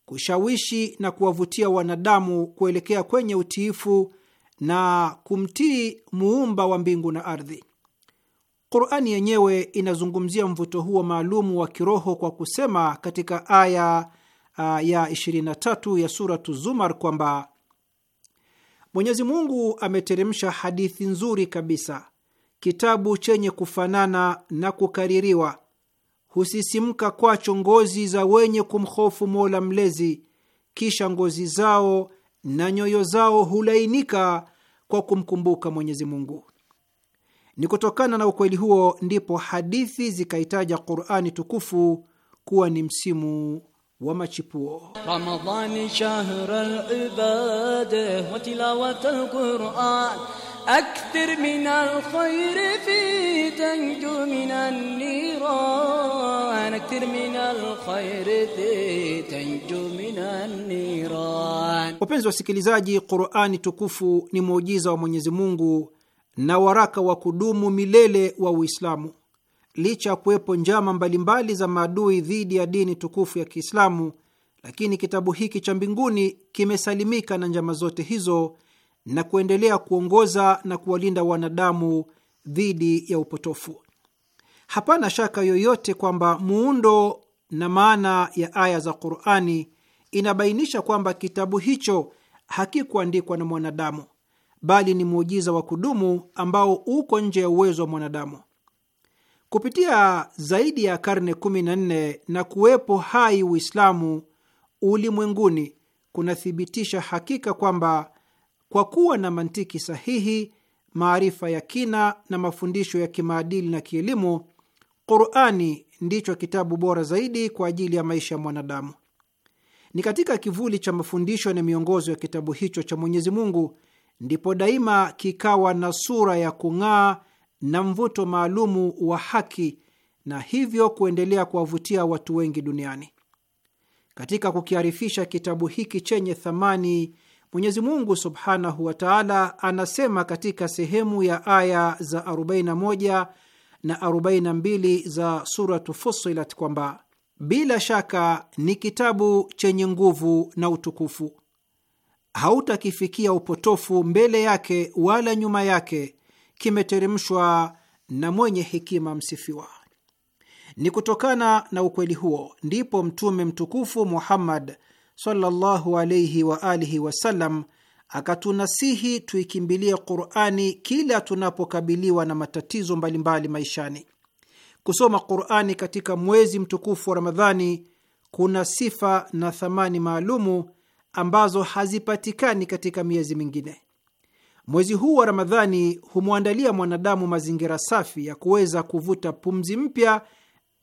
kushawishi na kuwavutia wanadamu kuelekea kwenye utiifu na kumtii muumba wa mbingu na ardhi. Qur'ani yenyewe inazungumzia mvuto huo maalumu wa kiroho kwa kusema katika aya uh, ya 23 ya suratu Zumar kwamba Mwenyezi Mungu ameteremsha hadithi nzuri kabisa, kitabu chenye kufanana na kukaririwa husisimka kwacho ngozi za wenye kumhofu Mola Mlezi, kisha ngozi zao na nyoyo zao hulainika kwa kumkumbuka Mwenyezi Mungu. Ni kutokana na ukweli huo ndipo hadithi zikaitaja Qur'ani tukufu kuwa ni msimu wa machipuo. Ramadhani shahrul ibadah wa tilawatul Qur'an akthir minal khairi fi tanju min minan niran akthir minal khairi fi tanju min minan niran. Wapenzi wasikilizaji, Qur'ani tukufu ni muujiza wa Mwenyezi Mungu na waraka wa kudumu milele wa Uislamu licha ya kuwepo njama mbalimbali za maadui dhidi ya dini tukufu ya Kiislamu, lakini kitabu hiki cha mbinguni kimesalimika na njama zote hizo na kuendelea kuongoza na kuwalinda wanadamu dhidi ya upotofu. Hapana shaka yoyote kwamba muundo na maana ya aya za Qur'ani inabainisha kwamba kitabu hicho hakikuandikwa na mwanadamu, bali ni muujiza wa kudumu ambao uko nje ya uwezo wa mwanadamu. Kupitia zaidi ya karne 14 na kuwepo hai Uislamu ulimwenguni kunathibitisha hakika kwamba kwa kuwa na mantiki sahihi, maarifa ya kina na mafundisho ya kimaadili na kielimu, Qurani ndicho kitabu bora zaidi kwa ajili ya maisha ya mwanadamu. Ni katika kivuli cha mafundisho na miongozo ya kitabu hicho cha Mwenyezi Mungu ndipo daima kikawa na sura ya kung'aa na mvuto maalumu wa haki na hivyo kuendelea kuwavutia watu wengi duniani. Katika kukiarifisha kitabu hiki chenye thamani, Mwenyezi Mungu subhanahu wa taala anasema katika sehemu ya aya za 41 na 42 za Suratu Fusilat kwamba bila shaka ni kitabu chenye nguvu na utukufu, hautakifikia upotofu mbele yake wala nyuma yake kimeteremshwa na mwenye hekima msifiwa. Ni kutokana na ukweli huo ndipo Mtume mtukufu Muhammad sallallahu alayhi wa alihi wasallam akatunasihi tuikimbilie Qurani kila tunapokabiliwa na matatizo mbalimbali maishani. Kusoma Qurani katika mwezi mtukufu wa Ramadhani kuna sifa na thamani maalumu ambazo hazipatikani katika miezi mingine. Mwezi huu wa Ramadhani humwandalia mwanadamu mazingira safi ya kuweza kuvuta pumzi mpya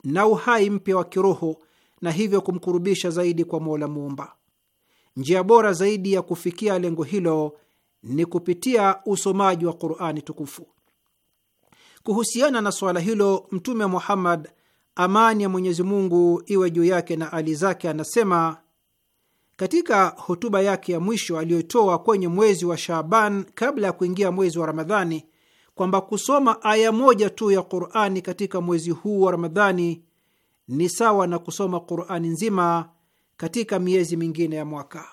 na uhai mpya wa kiroho na hivyo kumkurubisha zaidi kwa Mola Muumba. Njia bora zaidi ya kufikia lengo hilo ni kupitia usomaji wa Qur'ani tukufu. Kuhusiana na suala hilo, Mtume Muhammad, amani ya Mwenyezi Mungu iwe juu yake na ali zake, anasema katika hotuba yake ya mwisho aliyotoa kwenye mwezi wa Shaaban kabla ya kuingia mwezi wa Ramadhani kwamba kusoma aya moja tu ya Qurani katika mwezi huu wa Ramadhani ni sawa na kusoma Qurani nzima katika miezi mingine ya mwaka.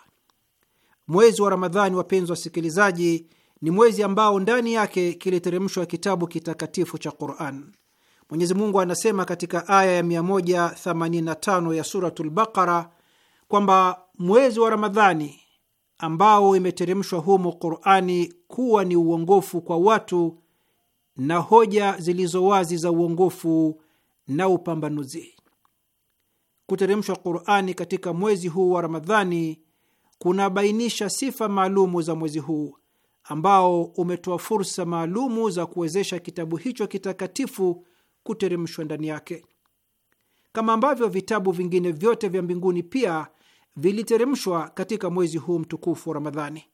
Mwezi wa Ramadhani, wapenzi wasikilizaji, ni mwezi ambao ndani yake kiliteremshwa kitabu kitakatifu cha Quran. Mwenyezi Mungu anasema katika aya ya 185 ya Suratul Baqara kwamba mwezi wa Ramadhani ambao imeteremshwa humo Qurani kuwa ni uongofu kwa watu na hoja zilizo wazi za uongofu na upambanuzi. Kuteremshwa Qurani katika mwezi huu wa Ramadhani kunabainisha sifa maalumu za mwezi huu ambao umetoa fursa maalumu za kuwezesha kitabu hicho kitakatifu kuteremshwa ndani yake, kama ambavyo vitabu vingine vyote vya mbinguni pia viliteremshwa katika mwezi huu mtukufu wa Ramadhani.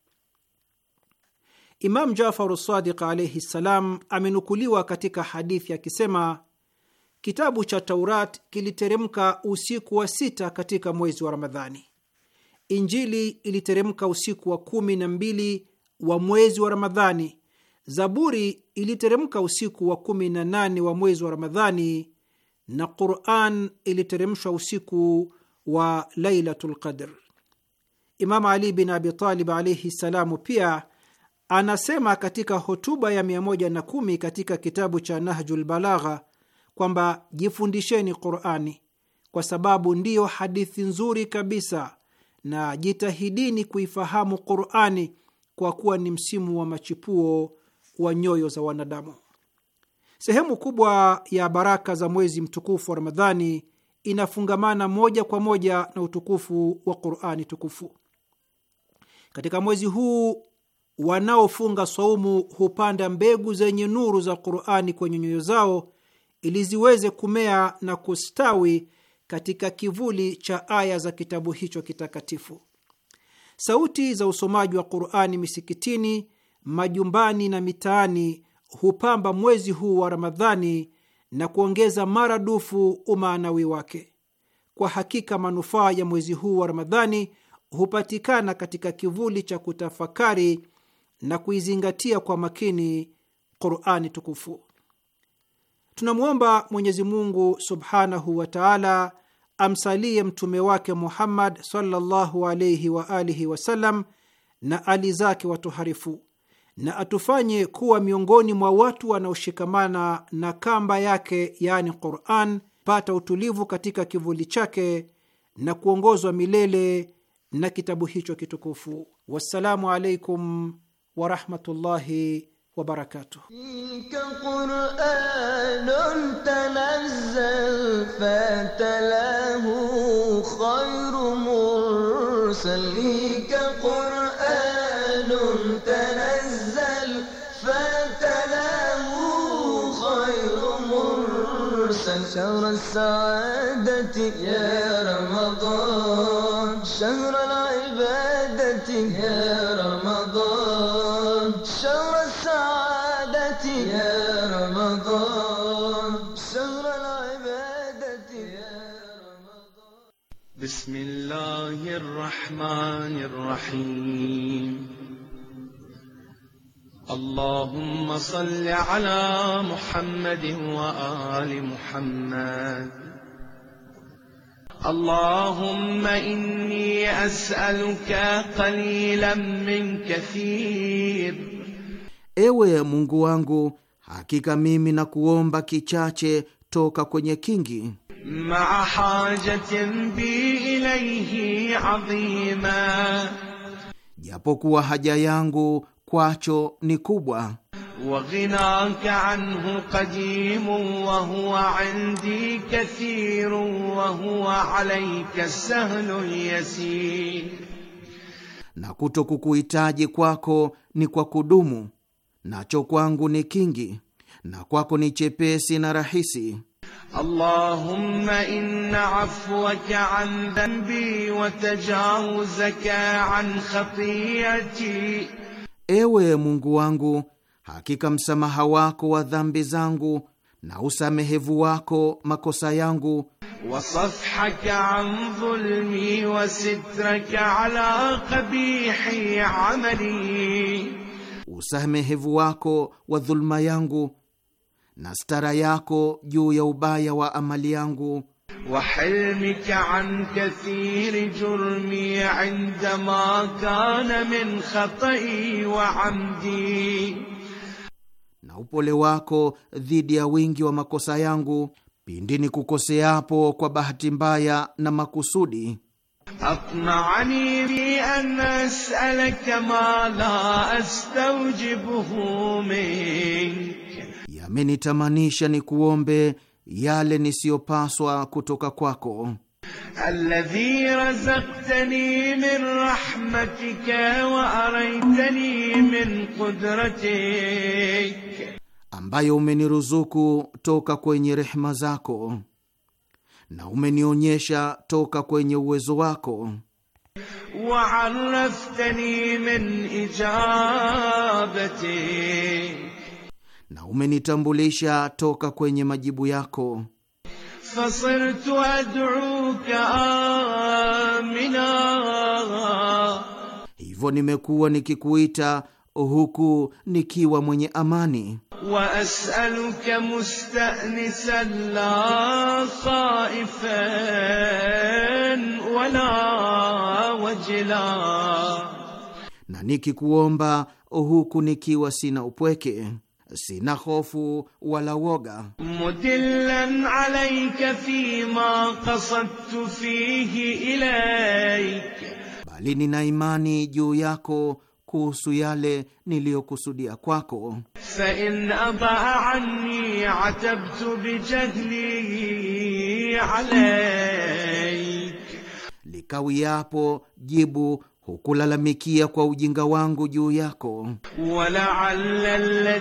Imam Jafaru Sadiq alaihi ssalam amenukuliwa katika hadithi akisema, kitabu cha Taurat kiliteremka usiku wa sita katika mwezi wa Ramadhani. Injili iliteremka usiku wa kumi na mbili wa mwezi wa Ramadhani. Zaburi iliteremka usiku wa kumi na nane wa mwezi wa Ramadhani, na Quran iliteremshwa usiku wa Lailatul Qadr. Imam Ali bin Abi Talib alaihi ssalamu pia anasema katika hotuba ya 110 katika kitabu cha Nahjul Balagha kwamba jifundisheni Qurani kwa sababu ndiyo hadithi nzuri kabisa, na jitahidini kuifahamu Qurani kwa kuwa ni msimu wa machipuo wa nyoyo za wanadamu. Sehemu kubwa ya baraka za mwezi mtukufu wa Ramadhani inafungamana moja kwa moja na utukufu wa Qurani tukufu. Katika mwezi huu wanaofunga saumu hupanda mbegu zenye nuru za Qurani kwenye nyoyo zao ili ziweze kumea na kustawi katika kivuli cha aya za kitabu hicho kitakatifu. Sauti za usomaji wa Qurani misikitini, majumbani na mitaani hupamba mwezi huu wa Ramadhani na kuongeza maradufu umaanawi wake. Kwa hakika manufaa ya mwezi huu wa Ramadhani hupatikana katika kivuli cha kutafakari na kuizingatia kwa makini Qurani Tukufu. Tunamwomba Mwenyezi Mungu subhanahu wa taala amsalie mtume wake Muhammad sallallahu alaihi wa alihi wasallam na ali zake watoharifu na atufanye kuwa miongoni mwa watu wanaoshikamana na kamba yake, yaani Quran, pata utulivu katika kivuli chake na kuongozwa milele na kitabu hicho kitukufu. Wassalamu alaikum warahmatullahi wabarakatuh. شهر السعادة يا رمضان شهر العبادة يا رمضان شهر السعادة يا رمضان شهر العبادة يا رمضان بسم الله الرحمن الرحيم اللهم صل على محمد وآل محمد اللهم إني أسألك قليلا من كثير Ewe Mungu wangu, hakika mimi na kuomba kichache toka kwenye kingi. maa hajatin bi ilaihi adhima, japokuwa haja yangu kwacho ni kubwa. na kuto kukuhitaji kwako ni kwa kudumu, nacho kwangu ni kingi, na kwako ni chepesi na rahisi. Allahumma inna afwaka an dhanbi wa tajawuzaka an khatiyati Ewe Mungu wangu, hakika msamaha wako wa dhambi zangu na usamehevu wako makosa yangu wasafhaka an dhulmi ala qabihi amali, usamehevu wako wa dhulma yangu na stara yako juu ya ubaya wa amali yangu وحلمك عن كثير جرمي عندما كان من خطئي وعمدي upole wako dhidi ya wingi wa makosa yangu pindi ni kukoseapo kwa bahati mbaya na makusudi. atmani bi an as'alaka ma la astawjibuhu mink, yamenitamanisha ni kuombe yale nisiyopaswa kutoka kwako. Alladhi razaktani min rahmatika wa araytani min qudratik, ambayo umeniruzuku toka kwenye rehma zako na umenionyesha toka kwenye uwezo wako. Wa arraftani min ijabatik umenitambulisha toka kwenye majibu yako. fasirtu aduka amina, hivyo nimekuwa nikikuita huku nikiwa mwenye amani. wa asaluka mustanisan la khaifan wala na nikikuomba huku nikiwa sina upweke sina hofu wala woga. mudillan alayka qasadtu fihi bali nina imani juu yako kuhusu yale niliyokusudia kwako. fain anni atabtu bijahli alayk, jibu hukulalamikia kwa ujinga wangu juu yako. walaala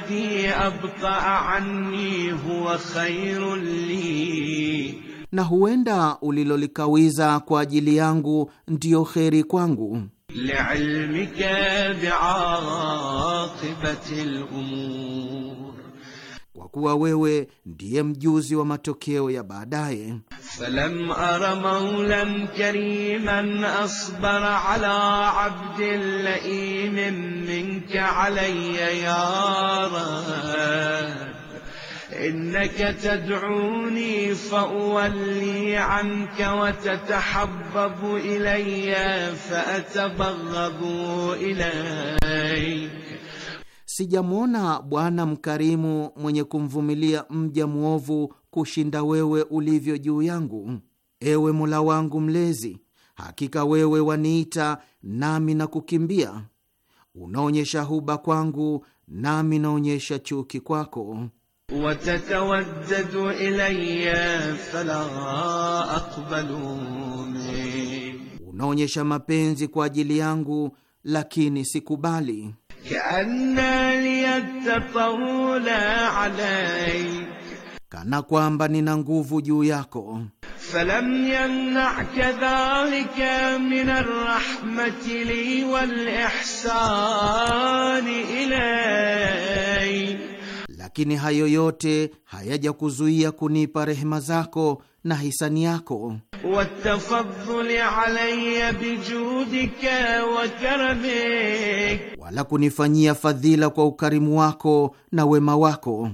anni huwa khairun li, na huenda ulilolikawiza kwa ajili yangu ndiyo kheri kwangu. liilmika biaqibati lumur kuwa wewe ndiye mjuzi wa matokeo ya baadaye. falam ara maulan kariman asbara ala abdin laimin minka alaya ya rab innaka tad'uni fauwalli anka watatahababu ilaya faatabaghabu ilayk sijamwona Bwana mkarimu mwenye kumvumilia mja mwovu kushinda wewe ulivyo juu yangu. Ewe Mola wangu Mlezi, hakika wewe waniita nami na kukimbia, unaonyesha huba kwangu nami naonyesha chuki kwako. watatawaddadu ilayya fala aqbalu unaonyesha mapenzi kwa ajili yangu, lakini sikubali kana kwamba nina nguvu juu yako. falam yamnaka dhalika min arrahmati li wal ihsani ilay, lakini hayo yote hayaja kuzuia kunipa rehema zako na hisani yako wala kunifanyia fadhila kwa ukarimu wako na wema wako.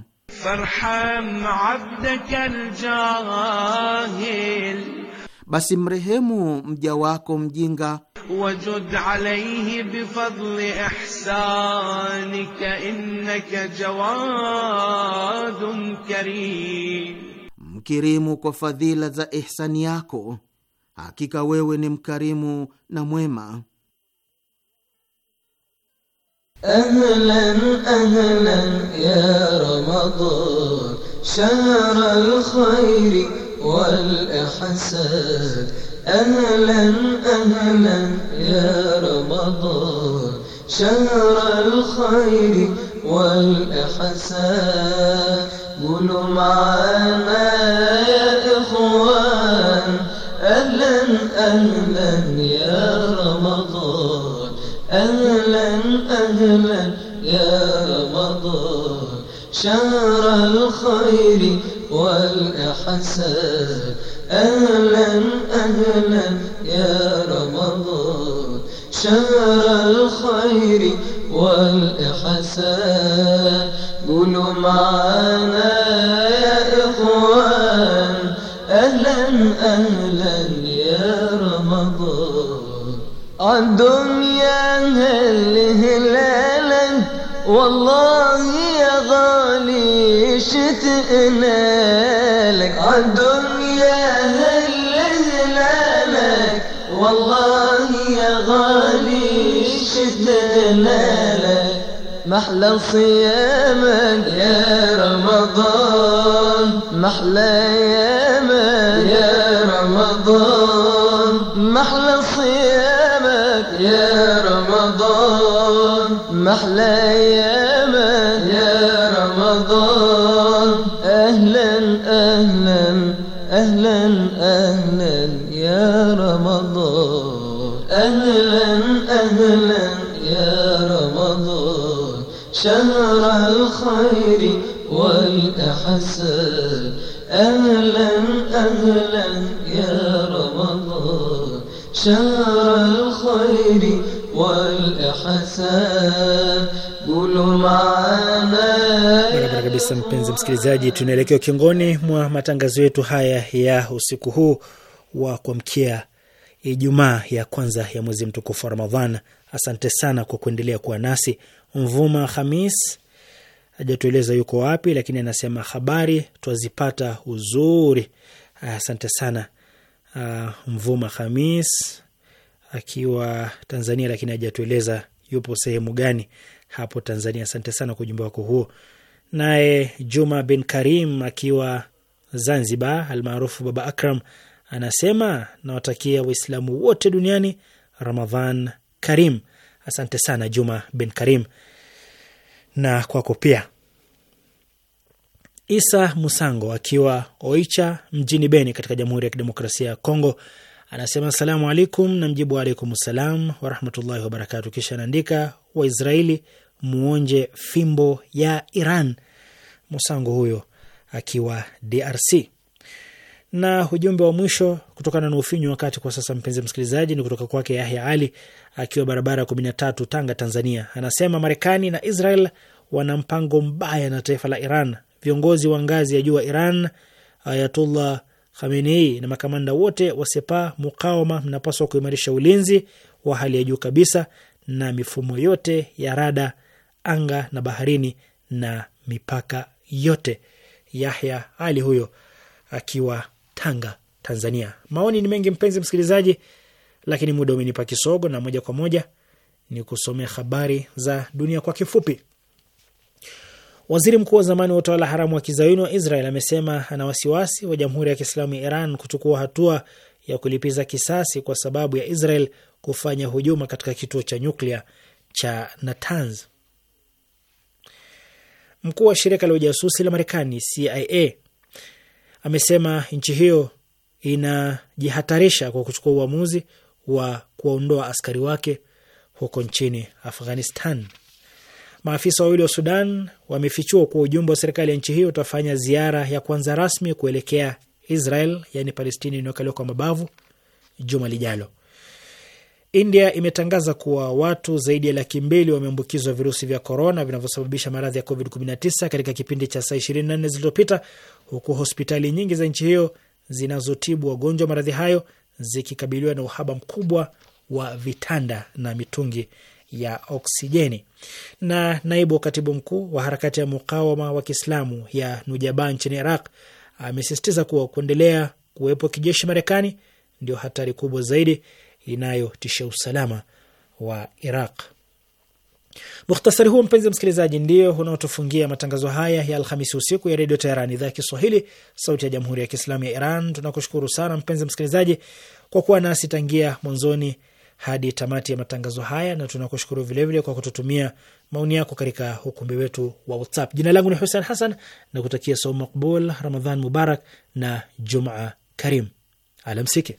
basi mrehemu mja wako mjinga. Wajud alayhi bifadli ihsanika innaka jawadun karim Mkirimu kwa fadhila za ihsani yako, hakika wewe ni mkarimu na mwema. Ahlan, ahlan ya Ramadhan, shahr al-khairi wal-ihsan. Ahlan, ahlan ya Ramadhan, shahr al-khairi wal-ihsan. قولوا معنا يا إخوان أهلا أهلا يا رمضان أهلا أهلا يا رمضان شهر الخير والإحسان أهلا أهلا يا رمضان شهر الخير والإحسان قولوا معنا يا إخوان أهلا أهلا يا رمضان الدنيا هل هلالا والله يا غالي شتئنا لك الدنيا هل هلالا والله يا غالي شتئنا لك محلى صيامك يا رمضان محلى يامك يا رمضان محلى صيامك يا رمضان محلى يامك شهر الخير والأحسان أهلا أهلا يا رمضان شهر الخير والإحسان قولوا معنا kabisa, mpenzi msikilizaji, tunaelekea ukingoni mwa matangazo yetu haya ya usiku huu wa kuamkia Ijumaa ya kwanza ya mwezi mtukufu wa Ramadhana Asante sana kwa kuendelea kuwa nasi. Mvuma Hamis hajatueleza yuko wapi, lakini anasema habari twazipata uzuri. Asante sana ah, Mvuma Hamis akiwa Tanzania, lakini hajatueleza yupo sehemu gani hapo Tanzania. Asante sana kwa ujumbe wako huo. Naye Juma bin Karim akiwa Zanzibar, almaarufu Baba Akram, anasema nawatakia Waislamu wote duniani Ramadhan Karim. Asante sana Juma bin Karim na kwako pia. Isa Musango akiwa Oicha mjini Beni katika Jamhuri ya Kidemokrasia ya Kongo anasema asalamu alaikum, na mjibu waalaikum salam warahmatullahi wabarakatu. Kisha anaandika Waisraeli muonje fimbo ya Iran. Musango huyo akiwa DRC. Na ujumbe wa mwisho kutokana na ufinyu wakati kwa sasa, mpenzi msikilizaji, ni kutoka kwake Yahya Ali akiwa barabara kumi na tatu Tanga, Tanzania, anasema Marekani na Israel wana mpango mbaya na taifa la Iran. Viongozi wa ngazi ya juu wa Iran, Ayatullah Khamenei na makamanda wote wa Sepa Mukawama, mnapaswa kuimarisha ulinzi wa hali ya juu kabisa na mifumo yote ya rada, anga na baharini na mipaka yote. Yahya Ali huyo akiwa Tanga, Tanzania. Maoni ni mengi, mpenzi msikilizaji lakini muda umenipa kisogo, na moja kwa moja ni kusomea habari za dunia kwa kifupi. Waziri mkuu wa zamani wa utawala haramu wa kizayuni wa Israel amesema ana wasiwasi wa Jamhuri ya Kiislamu ya Iran kuchukua hatua ya kulipiza kisasi kwa sababu ya Israel kufanya hujuma katika kituo cha nyuklia cha Natanz. Mkuu wa shirika la ujasusi la Marekani CIA amesema nchi hiyo inajihatarisha kwa kuchukua uamuzi wa kuwaondoa askari wake huko nchini Afghanistan. Maafisa wawili wa Sudan wamefichua kuwa ujumbe wa serikali ya nchi hiyo utafanya ziara ya kwanza rasmi kuelekea Israel, yani Palestina inayokaliwa kwa mabavu juma lijalo. India imetangaza kuwa watu zaidi ya laki mbili wameambukizwa virusi vya korona vinavyosababisha maradhi ya COVID-19 katika kipindi cha saa 24 zilizopita, huku hospitali nyingi za nchi hiyo zinazotibu wagonjwa maradhi hayo zikikabiliwa na uhaba mkubwa wa vitanda na mitungi ya oksijeni. Na naibu katibu mkuu wa harakati ya mukawama wa Kiislamu ya Nujaba nchini Iraq amesisitiza kuwa kuendelea kuwepo kijeshi Marekani ndio hatari kubwa zaidi inayotishia usalama wa Iraq. Mukhtasari huo mpenzi msikilizaji, ndio unaotufungia matangazo haya ya Alhamisi usiku ya Redio Teheran, idhaa ya Kiswahili, sauti ya Jamhuri ya Kiislamu ya Iran. Tunakushukuru sana mpenzi msikilizaji kwa kuwa nasi tangia mwanzoni hadi tamati ya matangazo haya, na tunakushukuru vilevile kwa kututumia maoni yako katika ukumbi wetu wa WhatsApp. Jina langu ni Hussein Hassan na kutakia saumu makbul, Ramadhan Mubarak na Jumaa Karim. Alamsiki.